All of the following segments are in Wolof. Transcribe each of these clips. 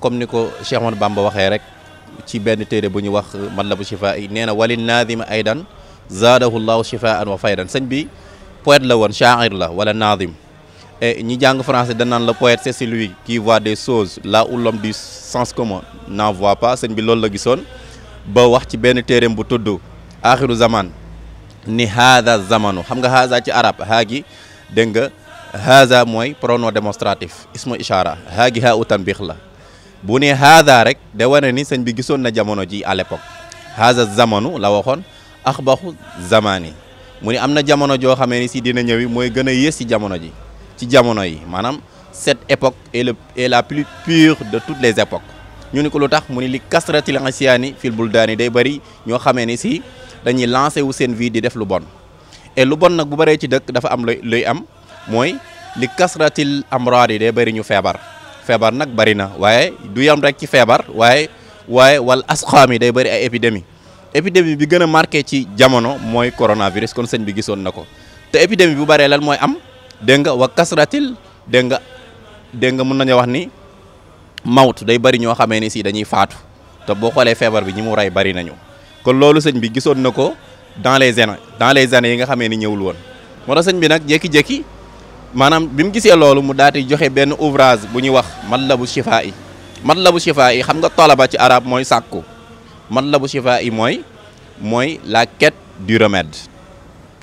comme ni ko Cheikh bam Bamba waxee rek ci benn téere bu ñu wax Matlabu Chifa yi nee na wali naadima aydan zaadahu llahu chifaan wa faydan sëñ bi poète la woon shaair la wala naadim ñi jàng français danaan le poète c'est celui qui voit des choses là où l'homme du sens commun n'en voit sëñ bi lool la gisoon ba wax ci benn téereem bu tudd axiru zaman ni haada zamanu xam nga haada ci arab haagi dégg nga mooy prono démonstratif ismu ishara haagi haa u tanbix la bu ne haada rek de wane ni bi gisone na jamono ji à l'époque haada zamanu la waxoon axbaxu zamani mu amna jamono jo xamé ni si dina ñëwi mooy gën a yées jamono ji ci jamono yi manam cette époque est le est la plus pure de toutes les époques ñu ni ko lutax tax ni li kasratil asiyaani fil buldaani day bari ño xamé ni si dañuy lancé wu sen vie di def lu bon et lu bon nak bu bari ci dëkk dafa am lay am moy li kasratil amraad day bari ñu feebar feebar nag bari na waaye du yam rek ci feebar waaye waaye wal asqaam day bëri ay épidémie épidémie bi gën a marqué ci jamono mooy coronavirus kon sëñ bi gisoon na ko te épidémie bu bëree lan mooy am dégg nga wa kasratil dégg nga dégg nga mun nañu wax ni mawt day bëri ñoo xamee ni si dañuy faatu te boo xoolee feebar bi ñi mu rey bëri nañu kon loolu sëñ bi gisoon na ko dans les années dans les années yi nga xamee ni ñëwul woon moo tax sëñ bi nag jékki-jékki maanaam bi mu gisee loolu mu daal di joxe benn ouvrage bu ñuy wax matlabu shifaa yi matlabu shifaa yi xam nga talaba ci arab mooy sàkku matlabu shifaa yi mooy mooy la quête du remède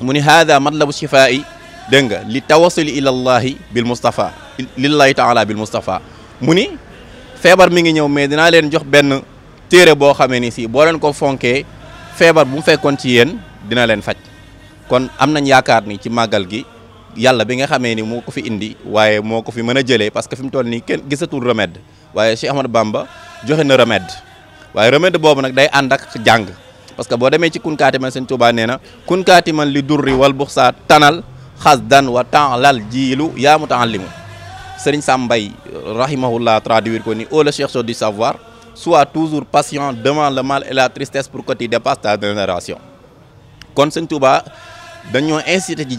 mu ni haada matlabu shifaa yi dégg nga li tawassuli ilallahi bil mustafa lillahi taala bil mustafa mu ni feebar mi ngi ñëw mais dinaa leen jox benn téere boo xamee ni si boo leen ko fonkee feebar bu fekkoon ci yéen dina leen faj kon am nañ yaakaar ni ci màggal gi yalla bi nga xamee ni moo fi indi waaye moo ko fi jele, a jëlee parce que fi mu toll nii kenn gisatul remède waaye Cheikh Ahmadou Bamba joxe na remède wa remède boobu nag day ànd jang, jàng parce que bo demee ci man sëñ nena, nee na man li durri wal buxsa tanal xas wa tanlal jiilu yaa mu taallimu Sëriñ Sam Mbaye rahimahullah traduire ko ni ô oh, le chercheur du savoir sois toujours patient devant le mal et la tristesse pour que tu dépasses ta génération kon sëñ Tuubaa dañoo incité ci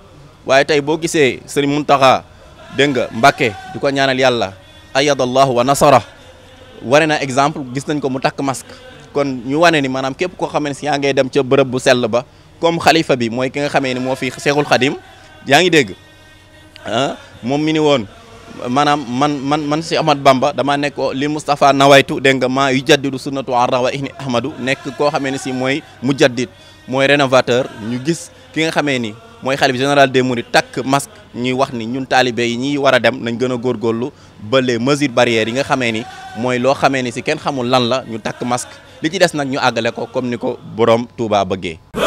waaye tey boo gisee sëriñ Muntaxa dégg nga Mbàkke di ñaanal yàlla wa nasara wane na exemple gis nañ ko mu masque kon ñu wane ni maanaam képp koo xamee ne si yaa ngay dem ca bërëb bu sell ba comme xalifa bi ki nga ni fi Seexul Xadim yaa ngi dégg ah moom mi ni man man man si Ahmad Bamba damaa nekk li Mustafa nawaytu dégg ma maa yu jaddidu sunnatu ahmadu Nek koo xamee ne si mooy mujaddid mooy rénovateur ñu gis ki nga ni mooy xalif général des mourides takk masque ñuy wax ni ñun taalibe yi ñiy war a dem nañ gën a góorgóorlu bale les mesures yi nga xamee ni mooy loo xamee ni si kenn xamul lan la ñu takk masque li ci des nag ñu àggale ko comme ni ko borom Touba bëggee.